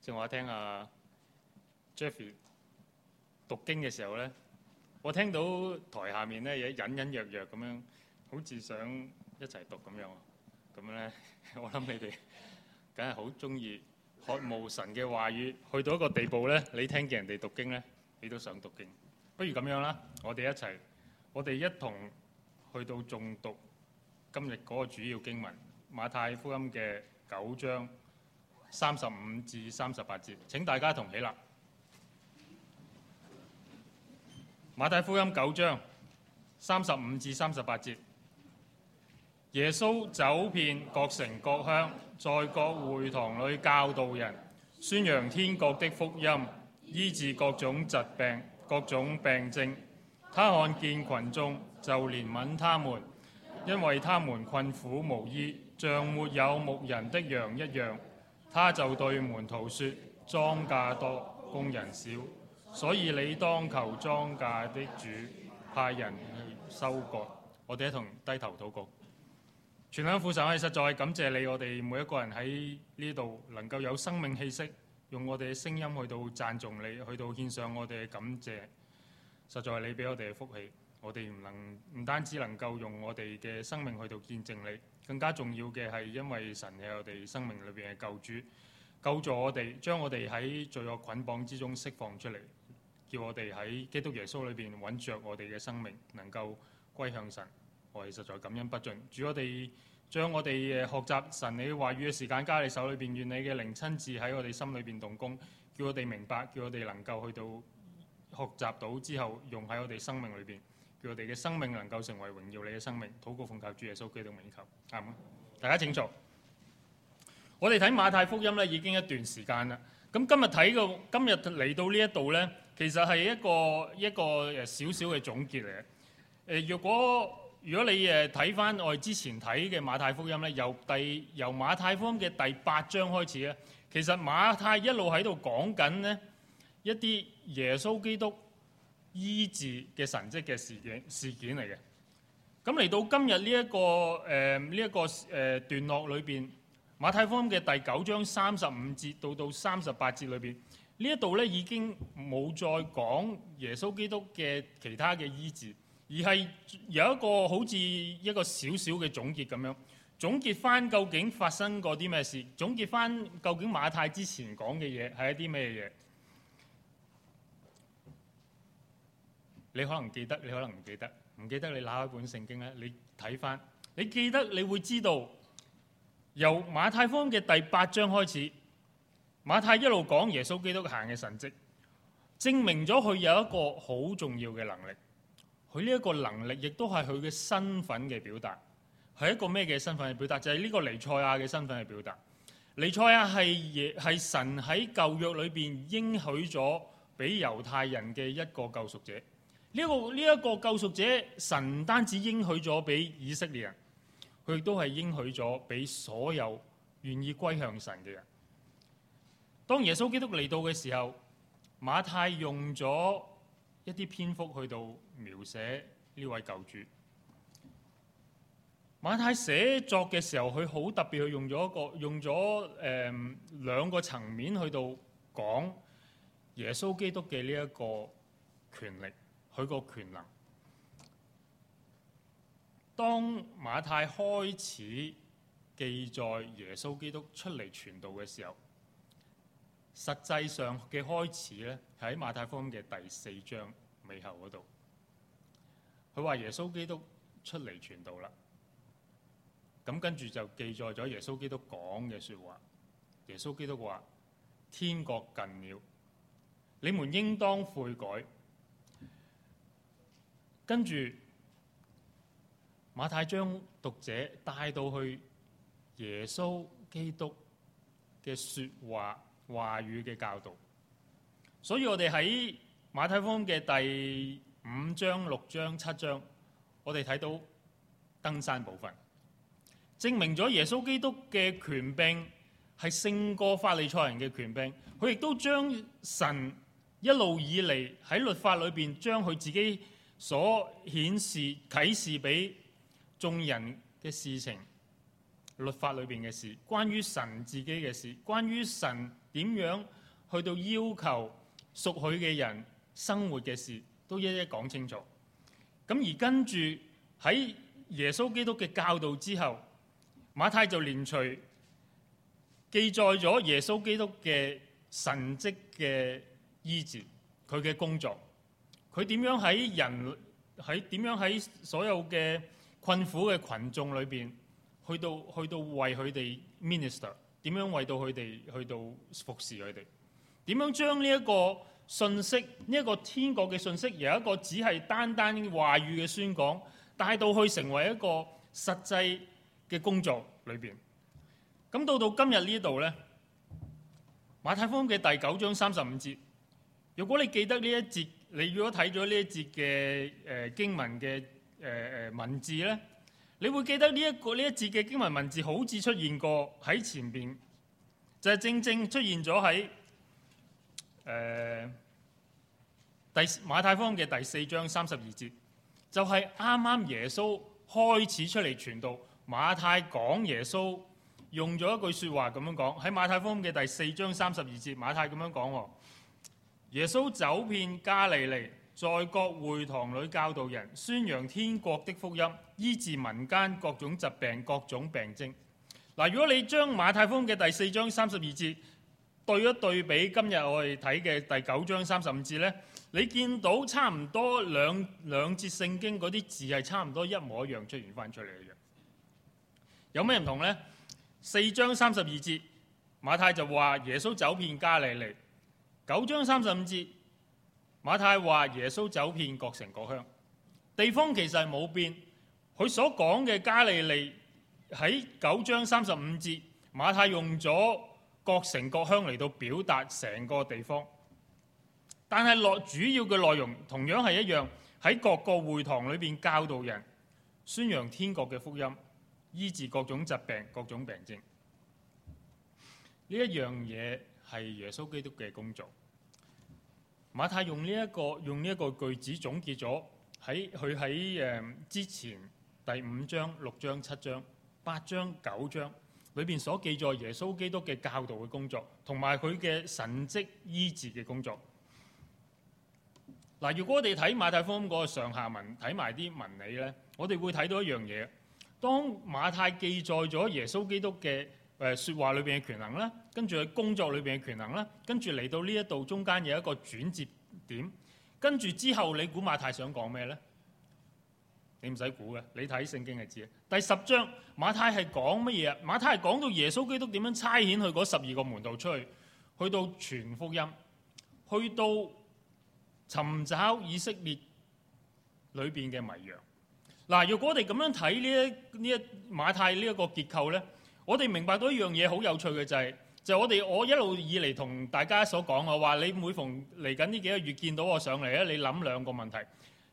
正話聽阿 Jeffrey 讀經嘅時候咧，我聽到台下面咧嘢隱隱約約咁樣，好似想一齊讀咁樣。咁咧，我諗你哋梗係好中意渴慕神嘅話語，去到一個地步咧，你聽見人哋讀經咧，你都想讀經。不如咁樣啦，我哋一齊，我哋一同去到重讀今日嗰個主要經文《馬太福音》嘅九章。三十五至三十八節。請大家同起立。馬太福音九章三十五至三十八節。耶穌走遍各城各鄉，在各會堂裏教導人，宣揚天國的福音，醫治各種疾病、各種病症。他看見群眾就憐憫他們，因為他們困苦無依，像沒有牧人的羊一樣。他就對門徒說：莊稼多，工人少，所以你當求莊稼的主，派人去收割。我哋一同低頭禱告。全體副省，我哋實在感謝你，我哋每一個人喺呢度能夠有生命氣息，用我哋嘅聲音去到讚頌你，去到獻上我哋嘅感謝。實在係你俾我哋嘅福氣，我哋唔能唔單止能夠用我哋嘅生命去到見證你。更加重要嘅，係因為神係我哋生命裏邊嘅救主，救助我哋，將我哋喺罪惡捆綁之中釋放出嚟，叫我哋喺基督耶穌裏邊穩着我哋嘅生命，能夠歸向神。我哋實在感恩不盡，主，我哋將，我哋嘅學習神你話語嘅時間交喺你手裏邊，願你嘅靈親自喺我哋心裏邊動工，叫我哋明白，叫我哋能夠去到學習到之後用喺我哋生命裏邊。叫我哋嘅生命能夠成為榮耀你嘅生命，禱告奉靠主耶穌基督名求，啱唔啱？大家請坐。我哋睇馬太福音咧已經一段時間啦，咁今日睇到今日嚟到呢一度咧，其實係一個一個誒少少嘅總結嚟嘅。誒，若果如果你誒睇翻我哋之前睇嘅馬太福音咧，由第由馬太福音嘅第八章開始咧，其實馬太一路喺度講緊呢一啲耶穌基督，醫治嘅神跡嘅事件事件嚟嘅，咁嚟到今日呢一個誒呢一個誒、呃、段落裏邊，馬太福音嘅第九章三十五節到到三十八節裏邊裏呢一度咧已經冇再講耶穌基督嘅其他嘅醫治，而係有一個好似一個小小嘅總結咁樣，總結翻究竟發生過啲咩事，總結翻究竟馬太之前講嘅嘢係一啲咩嘢。你可能記得，你可能唔記得，唔記得你拿一本聖經咧？你睇返，你記得，你會知道由馬太方嘅第八章開始，馬太一路講耶穌基督行嘅神跡，證明咗佢有一個好重要嘅能力。佢呢一個能力，亦都係佢嘅身份嘅表達，係一個咩嘅身份嘅表達？就係、是、呢個尼賽亞嘅身份嘅表達。尼賽亞係係神喺舊約裏邊應許咗俾猶太人嘅一個救贖者。呢一個呢一個救贖者，神唔單止應許咗俾以色列人，佢亦都係應許咗俾所有願意歸向神嘅人。當耶穌基督嚟到嘅時候，馬太用咗一啲篇幅去到描寫呢位救主。馬太寫作嘅時候，佢好特別，佢用咗一個用咗誒兩個層面去到講耶穌基督嘅呢一個權力。佢個權能。當馬太開始記載耶穌基督出嚟傳道嘅時候，實際上嘅開始咧，係喺馬太福音嘅第四章尾後嗰度。佢話耶穌基督出嚟傳道啦，咁跟住就記載咗耶穌基督講嘅説話。耶穌基督話：天國近了，你們應當悔改。跟住馬太將讀者帶到去耶穌基督嘅說話話語嘅教導，所以我哋喺馬太福音嘅第五章、六章、七章，我哋睇到登山部分，證明咗耶穌基督嘅權柄係勝過法利賽人嘅權柄。佢亦都將神一路以嚟喺律法裏邊將佢自己。所顯示啟示俾眾人嘅事情、律法裏面嘅事、關於神自己嘅事、關於神點樣去到要求屬佢嘅人生活嘅事，都一一講清楚。咁而跟住喺耶穌基督嘅教導之後，馬太就連隨記載咗耶穌基督嘅神蹟嘅醫治，佢嘅工作。佢點樣喺人喺點樣喺所有嘅困苦嘅群眾裏邊，去到去到為佢哋 minister，點樣為到佢哋去到服侍佢哋？點樣將呢一個信息，呢一個天國嘅信息，由一個只係單單話語嘅宣講，帶到去成為一個實際嘅工作裏邊？咁到到今日呢度咧，《馬太福音》嘅第九章三十五節，如果你記得呢一節。你如果睇咗呢一節嘅誒經文嘅誒誒文字咧，你會記得呢一個呢一節嘅經文文字好似出現過喺前邊，就係、是、正正出現咗喺誒第馬太福音嘅第四章三十二節，就係啱啱耶穌開始出嚟傳道，馬太講耶穌用咗一句説話咁樣講，喺馬太福音嘅第四章三十二節，馬太咁樣講喎、哦。耶穌走遍加利利，在各會堂裏教導人，宣揚天國的福音，醫治民間各種疾病、各種病症。嗱，如果你將馬太福音嘅第四章三十二節對一對比今日我哋睇嘅第九章三十五節呢，你見到差唔多兩兩節聖經嗰啲字係差唔多一模一樣出現翻出嚟嘅樣。有咩唔同呢？四章三十二節，馬太就話耶穌走遍加利利。九章三十五節，馬太話耶穌走遍各城各鄉，地方其實冇變，佢所講嘅加利利喺九章三十五節，馬太用咗各城各鄉嚟到表達成個地方，但係主要嘅內容同樣係一樣，喺各個會堂裏面教導人，宣揚天國嘅福音，醫治各種疾病、各種病症，呢一樣嘢係耶穌基督嘅工作。馬太用呢、這、一個用呢一個句子總結咗喺佢喺誒之前第五章、六章、七章、八章、九章裏邊所記載耶穌基督嘅教導嘅工作，同埋佢嘅神蹟醫治嘅工作。嗱，如果我哋睇馬太福音個上下文睇埋啲文理咧，我哋會睇到一樣嘢。當馬太記載咗耶穌基督嘅誒説話裏邊嘅權能啦，跟住去工作裏邊嘅權能啦，跟住嚟到呢一度中間有一個轉折點，跟住之後你估馬太想講咩咧？你唔使估嘅，你睇聖經就知嘅。第十章馬太係講乜嘢啊？馬太係講到耶穌基督點樣差遣去嗰十二個門徒出去，去到傳福音，去到尋找以色列裏邊嘅迷羊。嗱，若果我哋咁樣睇呢一呢一馬太呢一個結構咧。我哋明白到一樣嘢好有趣嘅就係，就係我哋我一路以嚟，同大家所講啊，話你每逢嚟緊呢幾個月見到我上嚟咧，你諗兩個問題：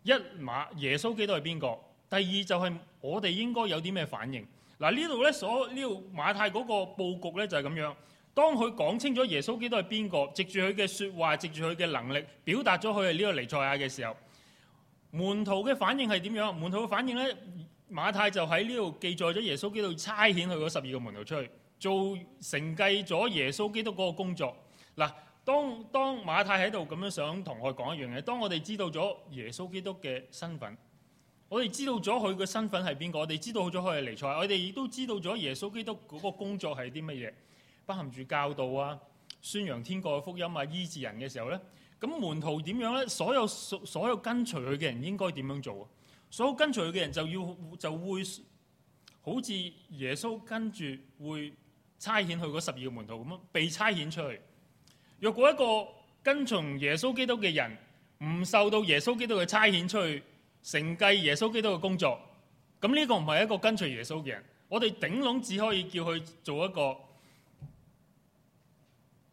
一馬耶穌基督係邊個？第二就係我哋應該有啲咩反應？嗱，呢度咧，所呢度馬太嗰個布局咧就係咁樣。當佢講清楚耶穌基督係邊個，藉住佢嘅說話，藉住佢嘅能力表達咗佢係呢個彌賽亞嘅時候，門徒嘅反應係點樣？門徒嘅反應咧？馬太就喺呢度記載咗耶穌基督差遣佢嗰十二個門徒出去，做承繼咗耶穌基督嗰個工作。嗱，當當馬太喺度咁樣想同我講一樣嘢，當我哋知道咗耶穌基督嘅身份，我哋知道咗佢嘅身份係邊個，我哋知道咗佢係彌賽，我哋亦都知道咗耶穌基督嗰個工作係啲乜嘢，包含住教導啊、宣揚天國嘅福音啊、醫治人嘅時候咧，咁門徒點樣咧？所有所所有跟隨佢嘅人應該點樣做？所有跟隨佢嘅人就要就會，就會好似耶穌跟住會差遣去嗰十二個門徒咁樣，被差遣出去。若果一個跟從耶穌基督嘅人唔受到耶穌基督嘅差遣出去承繼耶穌基督嘅工作，咁呢個唔係一個跟隨耶穌嘅人。我哋頂籠只可以叫佢做一個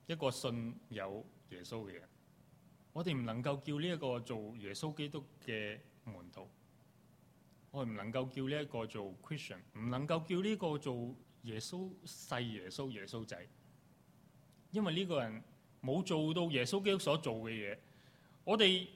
一個信有耶穌嘅人。我哋唔能夠叫呢一個做耶穌基督嘅門徒。我唔能夠叫呢一個做 Christian，唔能夠叫呢個做耶穌，細耶穌，耶穌仔，因為呢個人冇做到耶穌基督所做嘅嘢。我哋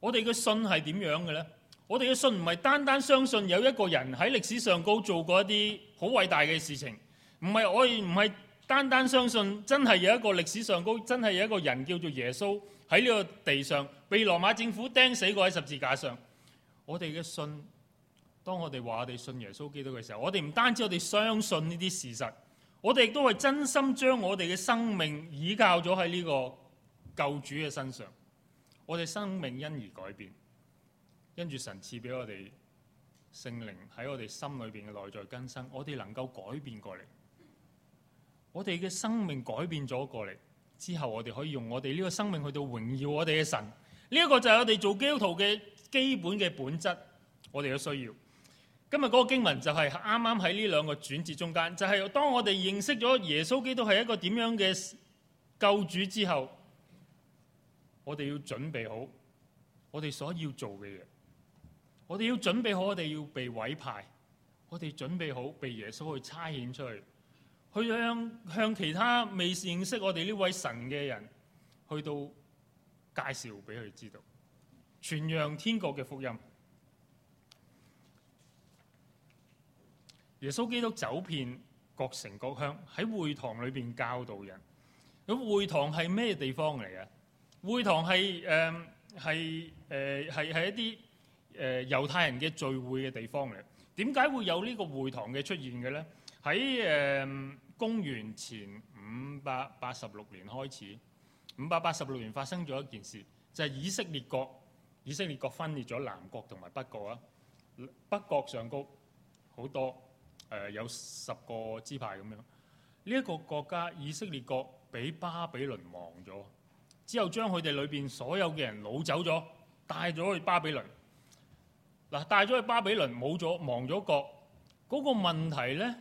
我哋嘅信係點樣嘅呢？我哋嘅信唔係單單相信有一個人喺歷史上高做過一啲好偉大嘅事情，唔係我哋，唔係單單相信真係有一個歷史上高真係有一個人叫做耶穌喺呢個地上被羅馬政府釘死過喺十字架上。我哋嘅信。當我哋話我哋信耶穌基督嘅時候，我哋唔單止我哋相信呢啲事實，我哋亦都係真心將我哋嘅生命倚靠咗喺呢個救主嘅身上。我哋生命因而改變，跟住神賜俾我哋聖靈喺我哋心裏邊嘅內在更生，我哋能夠改變過嚟，我哋嘅生命改變咗過嚟之後，我哋可以用我哋呢個生命去到榮耀我哋嘅神。呢一個就係我哋做基督徒嘅基本嘅本質，我哋嘅需要。今日嗰個經文就係啱啱喺呢兩個轉折中間，就係、是、當我哋認識咗耶穌基督係一個點樣嘅救主之後，我哋要準備好我哋所要做嘅嘢，我哋要準備好我哋要被委派，我哋準備好被耶穌去差遣出去，去向向其他未認識我哋呢位神嘅人去到介紹俾佢知道，傳揚天國嘅福音。耶穌基督走遍各城各鄉，喺會堂裏邊教導人。咁會堂係咩地方嚟嘅？會堂係誒係誒係係一啲誒猶太人嘅聚會嘅地方嚟。點解會有呢個會堂嘅出現嘅咧？喺誒、呃、公元前五百八十六年開始，五百八十六年發生咗一件事，就係、是、以色列國以色列國分裂咗南國同埋北國啊。北國上高好多。誒、呃、有十個支派咁樣，呢、這、一個國家以色列國俾巴比倫亡咗，之後將佢哋裏邊所有嘅人擄走咗，帶咗去巴比倫。嗱，帶咗去巴比倫冇咗亡咗國，嗰、那個問題咧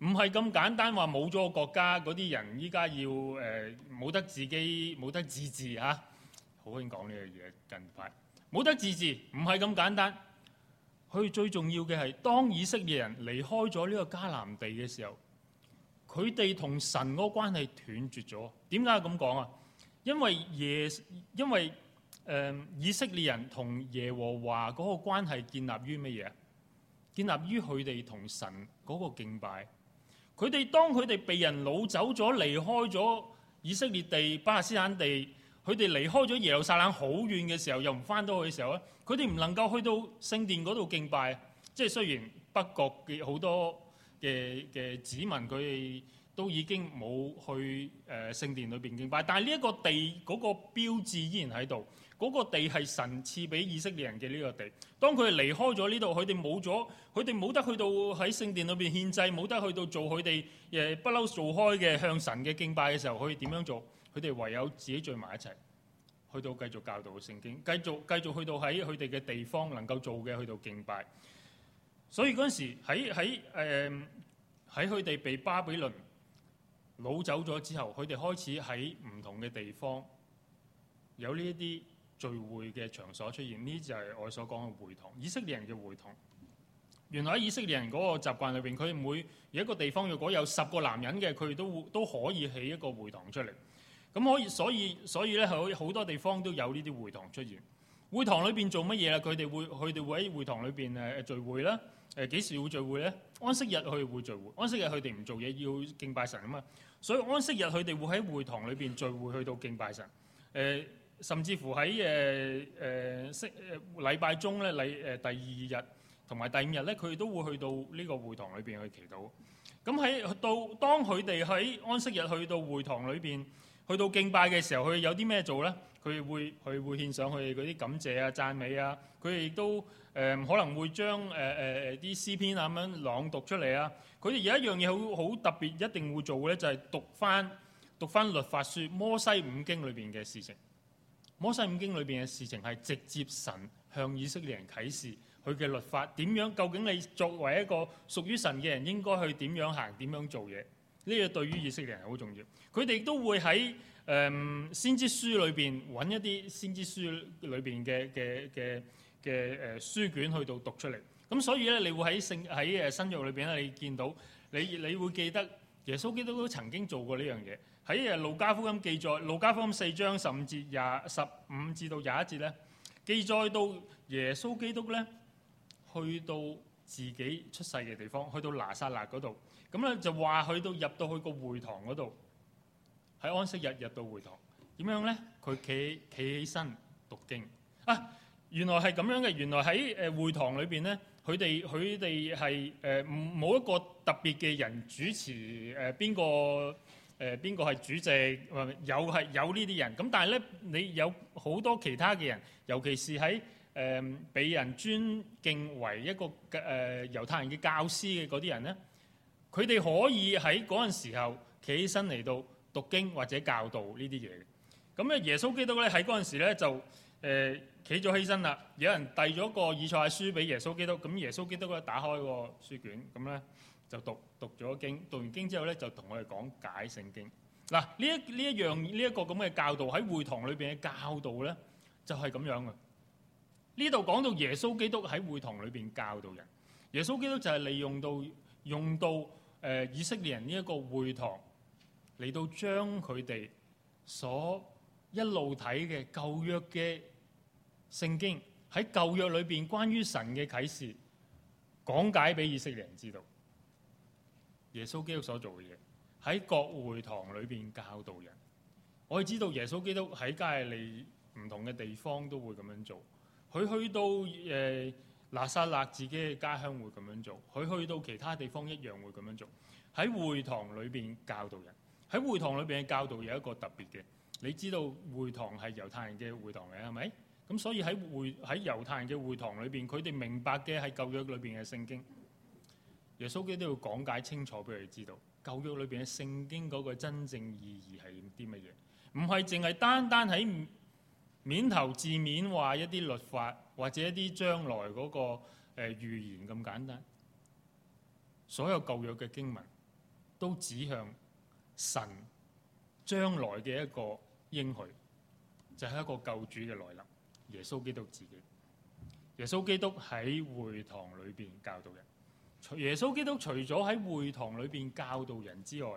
唔係咁簡單，話冇咗個國家嗰啲人依家要誒冇、呃、得自己冇得自治嚇、啊，好興講呢樣嘢近排冇得自治唔係咁簡單。佢最重要嘅，係當以色列人離開咗呢個迦南地嘅時候，佢哋同神嗰個關係斷絕咗。點解咁講啊？因為耶，因為誒、呃、以色列人同耶和華嗰個關係建立於乜嘢？建立於佢哋同神嗰個敬拜。佢哋當佢哋被人擄走咗，離開咗以色列地、巴勒斯坦地。佢哋離開咗耶路撒冷好遠嘅時候，又唔返到去嘅時候咧，佢哋唔能夠去到聖殿嗰度敬拜。即係雖然北國嘅好多嘅嘅子民，佢哋都已經冇去誒聖、呃、殿裏邊敬拜。但係呢一個地嗰、嗰個標誌依然喺度，嗰、嗰個地係神賜俾以色列人嘅呢個地。當佢哋離開咗呢度，佢哋冇咗，佢哋冇得去到喺聖殿裏邊獻祭，冇得去到做佢哋誒不嬲做開嘅向神嘅敬拜嘅時候，佢哋點樣做？佢哋唯有自己聚埋一齊，去到繼續教導聖經，繼續繼續去到喺佢哋嘅地方能夠做嘅去到敬拜。所以嗰陣時喺喺誒喺佢哋被巴比倫擄走咗之後，佢哋開始喺唔同嘅地方有呢一啲聚會嘅場所出現。呢就係我所講嘅會堂，以色列人嘅會堂。原來喺以色列人嗰個習慣裏邊，佢每而一個地方，如果有十個男人嘅，佢都都可以起一個會堂出嚟。咁可以，所以所以咧，喺好多地方都有呢啲會堂出現。會堂裏邊做乜嘢啦？佢哋會佢哋會喺會堂裏邊誒聚會啦。誒、呃、幾時會聚會咧？安息日去會聚會。安息日佢哋唔做嘢，要敬拜神啊嘛。所以安息日佢哋會喺會堂裏邊聚會，去到敬拜神。誒、呃，甚至乎喺誒誒息誒、呃、禮拜中咧，禮誒、呃、第二日同埋第五日咧，佢哋都會去到呢個會堂裏邊去祈禱。咁喺到當佢哋喺安息日去到會堂裏邊，去到敬拜嘅時候，佢有啲咩做咧？佢會佢會獻上佢嗰啲感謝啊、讚美啊。佢亦都誒、呃、可能會將誒誒啲詩篇啊咁樣朗讀出嚟啊。佢哋有一樣嘢好好特別，一定會做嘅就係、是、讀翻讀翻律法書《摩西五經》裏邊嘅事情。《摩西五經》裏邊嘅事情係直接神向以色列人啟示佢嘅律法，點樣，究竟你作為一個屬於神嘅人應該去點樣行、點樣做嘢？呢個對於以色列人係好重要，佢哋都會喺誒、呃、先知書裏邊揾一啲先知書裏邊嘅嘅嘅嘅誒書卷去到讀出嚟。咁、嗯、所以咧，你會喺聖喺誒新約裏邊咧，你見到你你會記得耶穌基督都曾經做過呢樣嘢。喺誒路加福音記載，路加福音四章十五節廿十,十五至到廿一節咧，記載到耶穌基督咧去到。自己出世嘅地方，去到拿撒勒嗰度，咁咧就話去到入到去個會堂嗰度，喺安息日入到會堂，點樣咧？佢企企起身讀經啊！原來係咁樣嘅，原來喺誒會堂裏邊咧，佢哋佢哋係誒冇一個特別嘅人主持誒邊個誒邊個係主席，或有係有呢啲人，咁但係咧你有好多其他嘅人，尤其是喺誒、嗯、被人尊敬為一個誒猶、呃、太人嘅教師嘅嗰啲人咧，佢哋可以喺嗰陣時候企起身嚟到讀經或者教導呢啲嘢嘅。咁、嗯、咧，耶穌基督咧喺嗰陣時咧就誒企咗起身啦，有人遞咗個以賽亞書俾耶穌基督，咁、嗯、耶穌基督咧打開個書卷，咁、嗯、咧就讀讀咗經，讀完經之後咧就同我哋講解聖經。嗱、嗯，呢一呢一樣呢一、這個咁嘅教導喺會堂裏邊嘅教導咧，就係、是、咁樣嘅。呢度講到耶穌基督喺會堂裏邊教導人，耶穌基督就係利用到用到誒、呃、以色列人呢一個會堂嚟到將佢哋所一路睇嘅舊約嘅聖經喺舊約裏邊關於神嘅啟示講解俾以色列人知道。耶穌基督所做嘅嘢喺各會堂裏邊教導人。我哋知道耶穌基督喺加利利唔同嘅地方都會咁樣做。佢去到誒、呃，拿撒勒自己嘅家鄉會咁樣做，佢去到其他地方一樣會咁樣做。喺會堂裏邊教導人，喺會堂裏邊嘅教導有一個特別嘅，你知道會堂係猶太人嘅會堂嘅係咪？咁所以喺會，喺猶太人嘅會堂裏邊，佢哋明白嘅係舊約裏邊嘅聖經，耶穌基督要講解清楚俾佢哋知道，舊約裏邊嘅聖經嗰個真正意義係啲乜嘢？唔係淨係單單喺。面頭字面話一啲律法，或者一啲將來嗰個誒，預言咁簡單。所有舊約嘅經文都指向神將來嘅一個應許，就係一個救主嘅來臨，耶穌基督自己。耶穌基督喺會堂裏面教導人，耶穌基督除咗喺會堂裏面教導人之外，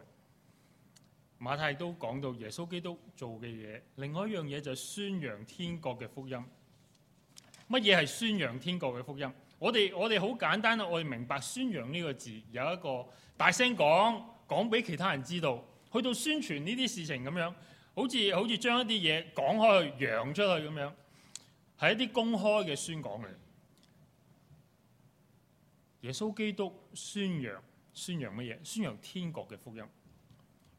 馬太都講到耶穌基督做嘅嘢，另外一樣嘢就係宣揚天國嘅福音。乜嘢係宣揚天國嘅福音？我哋我哋好簡單，我哋明白宣揚呢個字有一個大聲講，講俾其他人知道，去到宣傳呢啲事情咁樣，好似好似將一啲嘢講出去揚出去咁樣，係一啲公開嘅宣講嚟。耶穌基督宣揚宣揚乜嘢？宣揚天國嘅福音。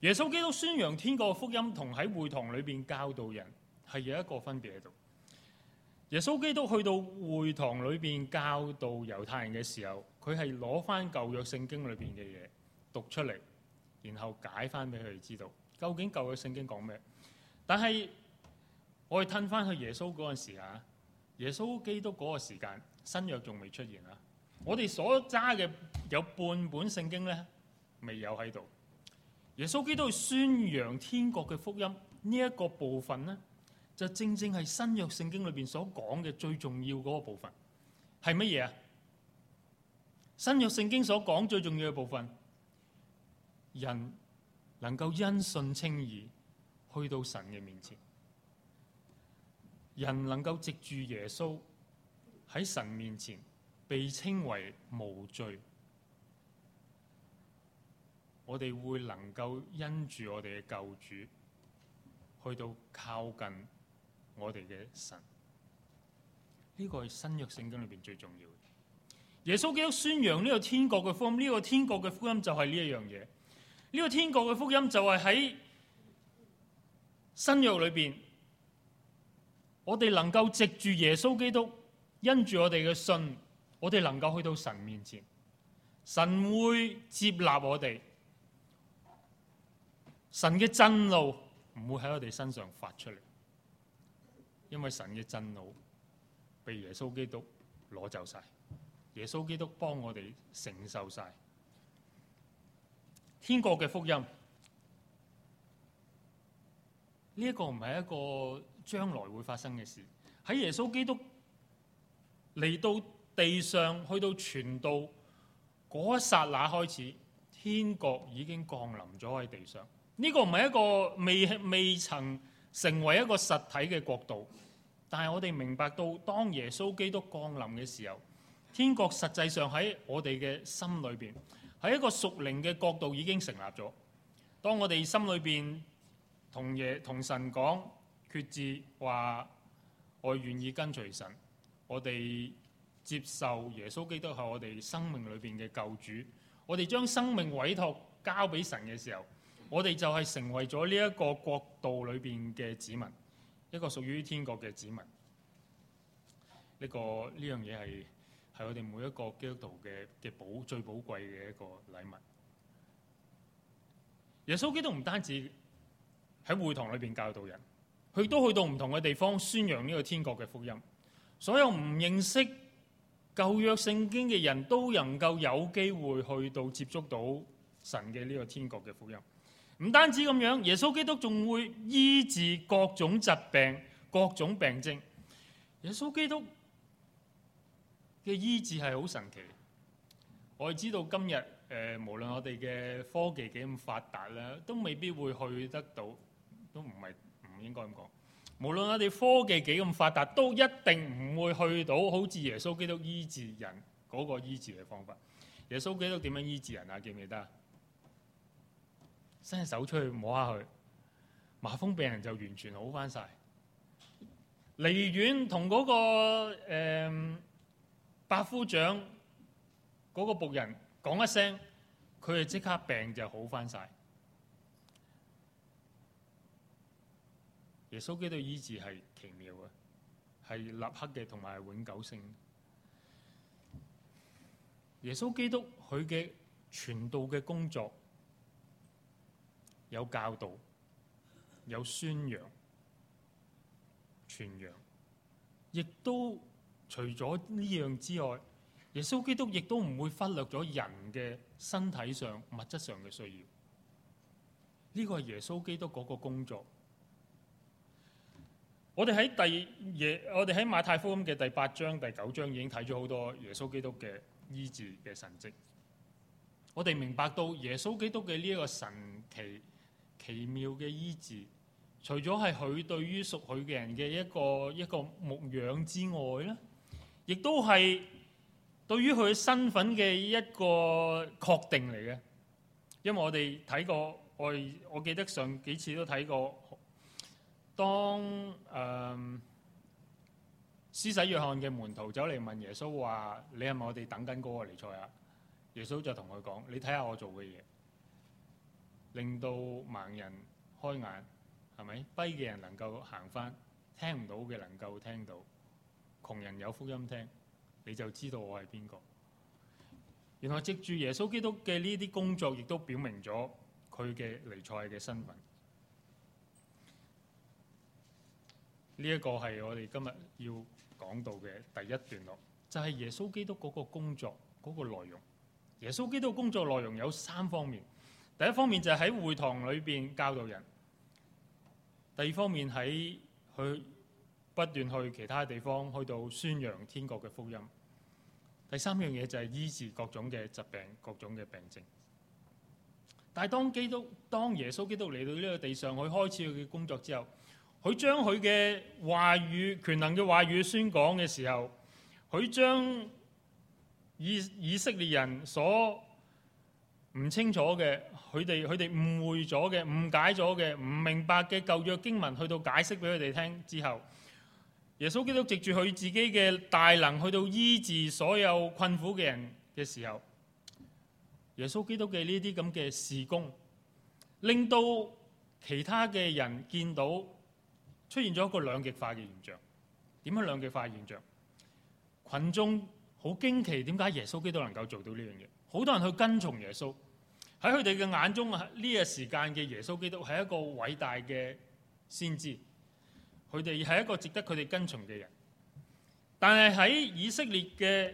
耶穌基督宣揚天國嘅福音同喺會堂裏邊教導人係有一個分別喺度。耶穌基督去到會堂裏邊教導猶太人嘅時候，佢係攞翻舊約聖經裏邊嘅嘢讀出嚟，然後解翻俾佢哋知道究竟舊約聖經講咩。但係我哋褪翻去耶穌嗰陣時啊，耶穌基督嗰個時間，新約仲未出現啊。我哋所揸嘅有，有半本聖經咧，未有喺度。耶穌基督宣揚天國嘅福音呢一個部分呢，就正正係新約聖經裏面所講嘅最重要嗰個部分，係乜嘢？新約聖經所講最重要嘅部分，人能夠因信稱義，去到神嘅面前，人能夠藉住耶穌喺神面前被稱為無罪。我哋會能夠因住我哋嘅救主，去到靠近我哋嘅神。呢個係新約聖經裏邊最重要嘅。耶穌基督宣揚呢個天國嘅福音，呢個天國嘅福音就係呢一樣嘢。呢個天國嘅福音就係喺新約裏邊，我哋能夠藉住耶穌基督，因住我哋嘅信，我哋能夠去到神面前，神會接納我哋。神嘅震怒唔會喺我哋身上發出嚟，因為神嘅震怒被耶穌基督攞走晒，耶穌基督幫我哋承受晒天國嘅福音呢一、這個唔係一個將來會發生嘅事。喺耶穌基督嚟到地上，去到傳道嗰一剎那開始，天國已經降臨咗喺地上。呢個唔係一個未未曾成為一個實體嘅國度，但係我哋明白到，當耶穌基督降臨嘅時候，天國實際上喺我哋嘅心裏面，喺一個屬靈嘅國度已經成立咗。當我哋心裏面同耶同神講決志，話我願意跟隨神，我哋接受耶穌基督係我哋生命裏面嘅救主，我哋將生命委託交俾神嘅時候。我哋就係成為咗呢一個國度裏邊嘅子民，一個屬於天國嘅子民。呢個呢樣嘢係係我哋每一個基督徒嘅嘅寶最寶貴嘅一個禮物。耶穌基督唔單止喺會堂裏邊教導人，佢都去到唔同嘅地方宣揚呢個天國嘅福音。所有唔認識舊約聖經嘅人都能夠有機會去到接觸到神嘅呢個天國嘅福音。唔單止咁樣，耶穌基督仲會醫治各種疾病、各種病症。耶穌基督嘅醫治係好神奇。我哋知道今日誒、呃，無論我哋嘅科技幾咁發達啦，都未必會去得到，都唔係唔應該咁講。無論我哋科技幾咁發達，都一定唔會去到好似耶穌基督醫治人嗰個醫治嘅方法。耶穌基督點樣醫治人啊？記唔記得啊？伸隻手出去摸下去，麻風病人就完全好翻晒。離遠同嗰個誒百夫長嗰、個僕人講一聲，佢就即刻病就好翻晒。耶穌基督的醫治係奇妙嘅，係立刻嘅，同埋永久性。耶穌基督佢嘅傳道嘅工作。有教導、有宣揚、傳揚，亦都除咗呢樣之外，耶穌基督亦都唔會忽略咗人嘅身體上、物質上嘅需要。呢個係耶穌基督嗰個工作。我哋喺第耶，我哋喺馬太福音嘅第八章、第九章已經睇咗好多耶穌基督嘅醫治嘅神蹟。我哋明白到耶穌基督嘅呢一個神奇。奇妙嘅醫治，除咗係佢對於屬佢嘅人嘅一個一個牧養，之外咧，亦都係對於佢身份嘅一個確定嚟嘅。因為我哋睇過，我我記得上幾次都睇過，當誒施洗約翰嘅門徒走嚟問耶穌話，你係咪我哋等緊嗰個離賽啊？耶穌就同佢講，你睇下我做嘅嘢。令到盲人開眼，係咪跛嘅人能夠行翻？聽唔到嘅能夠聽到？窮人有福音聽，你就知道我係邊個？然後藉住耶穌基督嘅呢啲工作，亦都表明咗佢嘅彌賽嘅身份。呢、這、一個係我哋今日要講到嘅第一段落，就係、是、耶穌基督嗰個工作嗰、那個內容。耶穌基督的工作內容有三方面。第一方面就係喺會堂裏邊教導人；第二方面喺佢不斷去其他地方去到宣揚天國嘅福音；第三樣嘢就係醫治各種嘅疾病、各種嘅病症。但係當基督、當耶穌基督嚟到呢個地上去開始佢嘅工作之後，佢將佢嘅話語、權能嘅話語宣講嘅時候，佢將以以色列人所唔清楚嘅。佢哋佢哋誤會咗嘅、誤解咗嘅、唔明白嘅舊約經文，去到解釋俾佢哋聽之後，耶穌基督藉住佢自己嘅大能，去到醫治所有困苦嘅人嘅時候，耶穌基督嘅呢啲咁嘅事工，令到其他嘅人見到出現咗一個兩極化嘅現象。點樣兩極化嘅現象？群眾好驚奇，點解耶穌基督能夠做到呢樣嘢？好多人去跟從耶穌。喺佢哋嘅眼中，呢個時間嘅耶穌基督係一個偉大嘅先知，佢哋係一個值得佢哋跟從嘅人。但係喺以色列嘅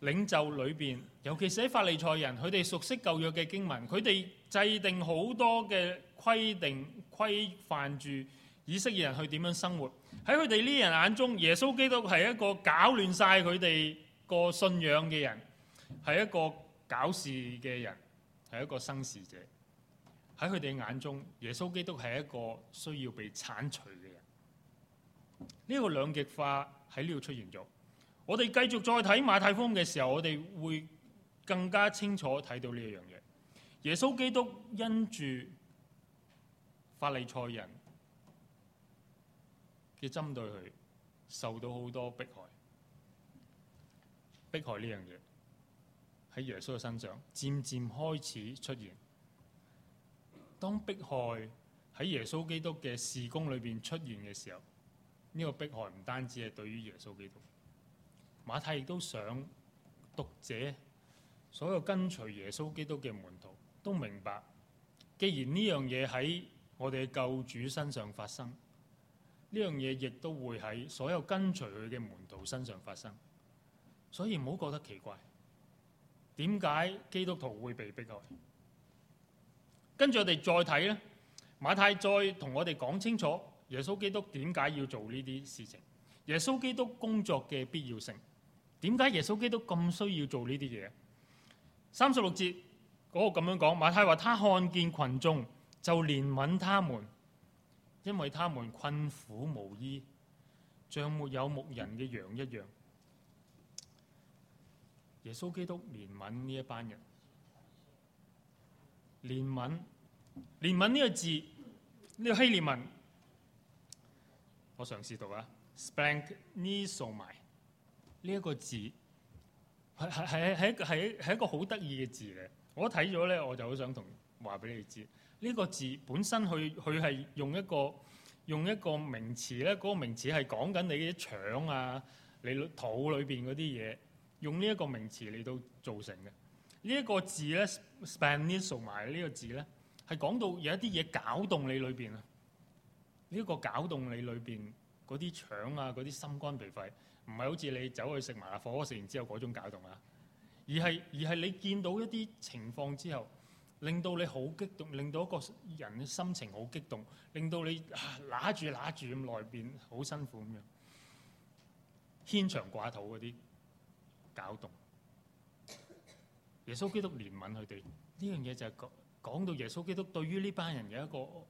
領袖裏邊，尤其是喺法利賽人，佢哋熟悉舊約嘅經文，佢哋制定好多嘅規定規範住以色列人去點樣生活。喺佢哋呢人眼中，耶穌基督係一個搞亂晒佢哋個信仰嘅人，係一個搞事嘅人。係一個生事者，喺佢哋眼中，耶穌基督係一個需要被剷除嘅人。呢個兩極化喺呢度出現咗。我哋繼續再睇馬太福音嘅時候，我哋會更加清楚睇到呢一樣嘢。耶穌基督因住法利賽人嘅針對佢，受到好多迫害，迫害呢樣嘢。喺耶穌嘅身上漸漸開始出現。當迫害喺耶穌基督嘅事工裏邊出現嘅時候，呢、這個迫害唔單止係對於耶穌基督，馬太亦都想讀者所有跟隨耶穌基督嘅門徒都明白，既然呢樣嘢喺我哋嘅救主身上發生，呢樣嘢亦都會喺所有跟隨佢嘅門徒身上發生，所以唔好覺得奇怪。點解基督徒會被迫害？跟住我哋再睇咧，馬太再同我哋講清楚耶穌基督點解要做呢啲事情，耶穌基督工作嘅必要性，點解耶穌基督咁需要做呢啲嘢？三十六節嗰個咁樣講，馬太話他看見群眾就憐憫他們，因為他們困苦無依，像沒有牧人嘅羊一樣。耶穌基督憐憫呢一班人，憐憫憐憫呢個字，呢、這個希憐文希臘文，我嘗試讀啊，spank 呢掃埋呢一個字，係係係一個係係一個好得意嘅字嚟。我睇咗咧，我就好想同話俾你知，呢、這個字本身佢佢係用一個用一個名詞咧，嗰、那個名詞係講緊你啲腸啊，你肚裏邊嗰啲嘢。用呢一個名詞嚟到造成嘅，呢一個字咧，splanchnizomai 埋呢個字咧，係講到有一啲嘢搞動你裏邊啊。呢個搞動你裏邊嗰啲腸啊、嗰啲心肝脾肺，唔係好似你走去食麻辣火鍋食完之後嗰種搞動啊，而係而係你見到一啲情況之後，令到你好激動，令到一個人心情好激動，令到你揦住揦住咁內邊好辛苦咁樣，牽腸掛肚嗰啲。攪動，耶穌基督憐憫佢哋呢樣嘢就係講講到耶穌基督對於呢班人嘅一個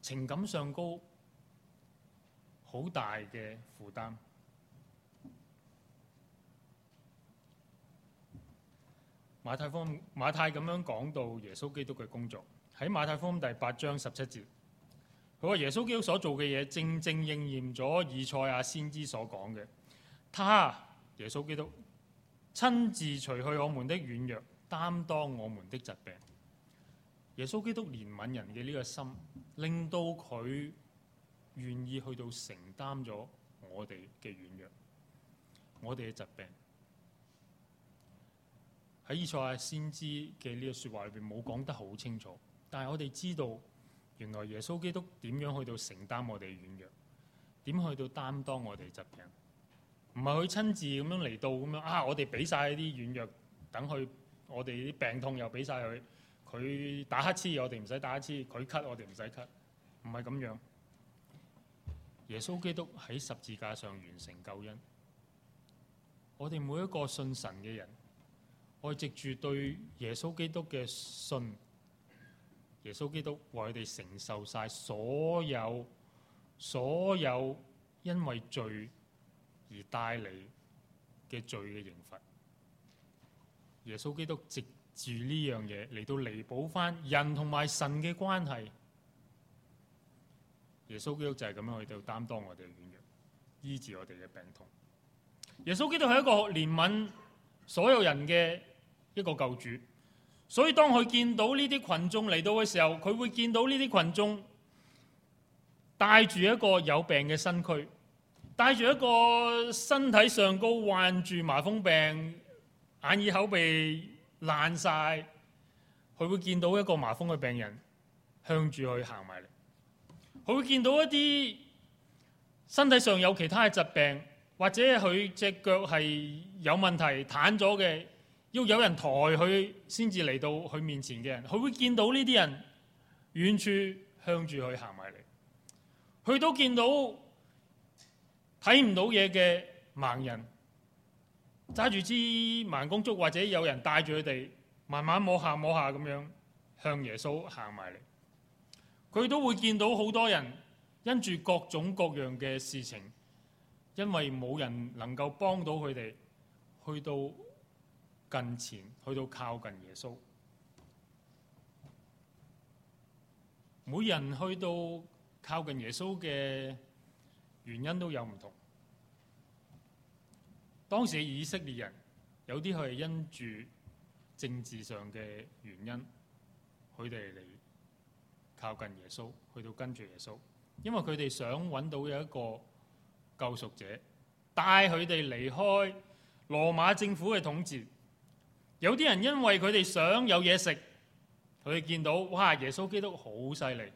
情感上高好大嘅負擔。馬太福音馬太咁樣講到耶穌基督嘅工作喺馬太福音第八章十七節，佢話耶穌基督所做嘅嘢正正應驗咗以賽亞先知所講嘅，他耶穌基督。親自除去我們的軟弱，擔當我們的疾病。耶穌基督憐憫人嘅呢個心，令到佢願意去到承擔咗我哋嘅軟弱，我哋嘅疾病。喺以賽亞先知嘅呢個說話裏邊冇講得好清楚，但係我哋知道，原來耶穌基督點樣去到承擔我哋軟弱，點去到擔當我哋疾病。唔係佢親自咁樣嚟到咁樣啊！我哋俾晒啲軟弱等佢，我哋啲病痛又俾晒佢。佢打乞嗤，我哋唔使打乞嗤；佢咳，我哋唔使咳。唔係咁樣。耶穌基督喺十字架上完成救恩。我哋每一個信神嘅人，我哋藉住對耶穌基督嘅信，耶穌基督為我哋承受晒所有所有因為罪。而帶嚟嘅罪嘅刑罰，耶穌基督藉住呢樣嘢嚟到彌補翻人同埋神嘅關係。耶穌基督就係咁樣去到擔當我哋嘅軟弱，醫治我哋嘅病痛。耶穌基督係一個憐憫所有人嘅一個救主，所以當佢見到呢啲群眾嚟到嘅時候，佢會見到呢啲群眾帶住一個有病嘅身軀。帶住一個身體上高，患住麻風病，眼耳口鼻爛晒，佢會見到一個麻風嘅病人向住佢行埋嚟。佢會見到一啲身體上有其他嘅疾病，或者佢隻腳係有問題攤咗嘅，要有人抬佢先至嚟到佢面前嘅人。佢會見到呢啲人遠處向住佢行埋嚟。佢都見到。睇唔到嘢嘅盲人，揸住支盲公竹，或者有人帶住佢哋，慢慢摸下摸下咁樣向耶穌行埋嚟。佢都會見到好多人因住各種各樣嘅事情，因為冇人能夠幫到佢哋，去到近前，去到靠近耶穌。每人去到靠近耶穌嘅。原因都有唔同。當時嘅以色列人有啲佢係因住政治上嘅原因，佢哋嚟靠近耶穌，去到跟住耶穌，因為佢哋想搵到有一個救贖者，帶佢哋離開羅馬政府嘅統治。有啲人因為佢哋想有嘢食，佢哋見到，哇，耶穌基督好犀利，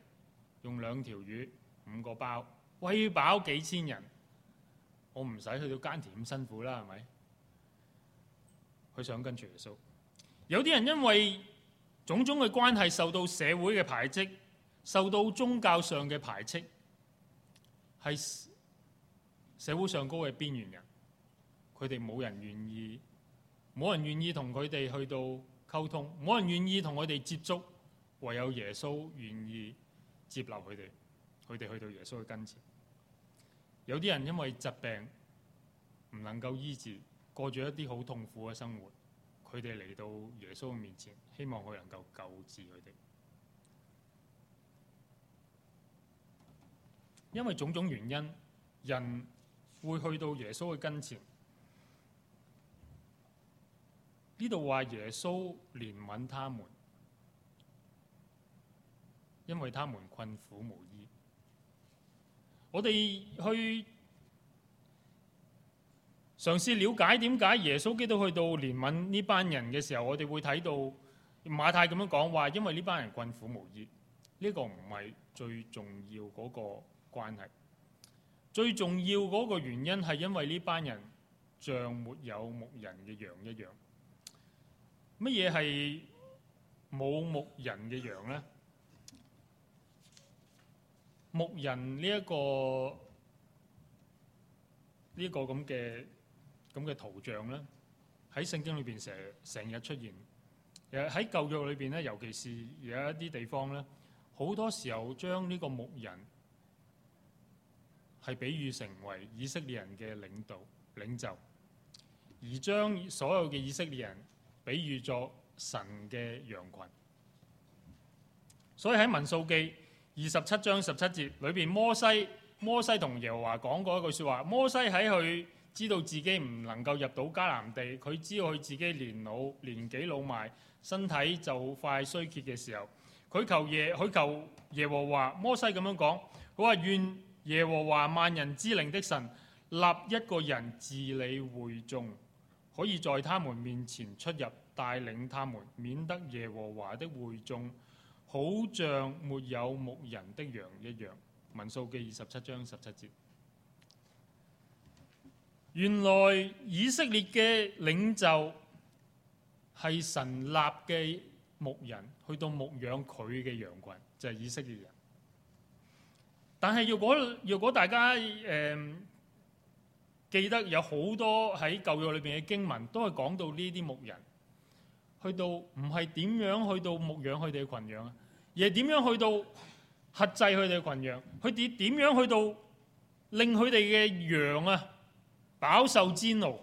用兩條魚、五個包。餵飽幾千人，我唔使去到耕田咁辛苦啦，係咪？佢想跟住耶穌。有啲人因為種種嘅關係受到社會嘅排斥，受到宗教上嘅排斥，係社會上高嘅邊緣人。佢哋冇人願意，冇人願意同佢哋去到溝通，冇人願意同佢哋接觸，唯有耶穌願意接納佢哋，佢哋去到耶穌嘅跟前。有啲人因為疾病唔能夠醫治，過住一啲好痛苦嘅生活，佢哋嚟到耶穌嘅面前，希望佢能夠救治佢哋。因為種種原因，人會去到耶穌嘅跟前。呢度話耶穌憐憫他們，因為他們困苦無。我哋去嘗試了解點解耶穌基督去到憐憫呢班人嘅時候，我哋會睇到馬太咁樣講話，因為呢班人困苦無依，呢、這個唔係最重要嗰個關係。最重要嗰個原因係因為呢班人像沒有牧人嘅羊一樣。乜嘢係冇牧人嘅羊呢？牧人呢一個呢個咁嘅咁嘅圖像咧，喺聖經裏邊成成日出現，其實喺舊約裏邊咧，尤其是有一啲地方咧，好多時候將呢個牧人係比喻成為以色列人嘅領導領袖，而將所有嘅以色列人比喻作神嘅羊群，所以喺民數記。二十七章十七節裏面摩，摩西摩西同耶和華講過一句說話。摩西喺佢知道自己唔能夠入到迦南地，佢知道佢自己年老年紀老邁，身體就快衰竭嘅時候，佢求耶佢求耶和華。摩西咁樣講，佢話願耶和華萬人之靈的神立一個人治理會眾，可以在他們面前出入，帶領他們，免得耶和華的會眾，好像沒有牧人的羊一樣，《文數記》二十七章十七節。原來以色列嘅領袖係神立嘅牧人，去到牧養佢嘅羊群，就係、是、以色列人。但係如果若果大家誒、嗯、記得有好多喺舊約裏邊嘅經文，都係講到呢啲牧人去到唔係點樣去到牧養佢哋嘅群羊啊。而點樣去到克制佢哋嘅群羊？佢點點樣去到令佢哋嘅羊啊飽受煎熬？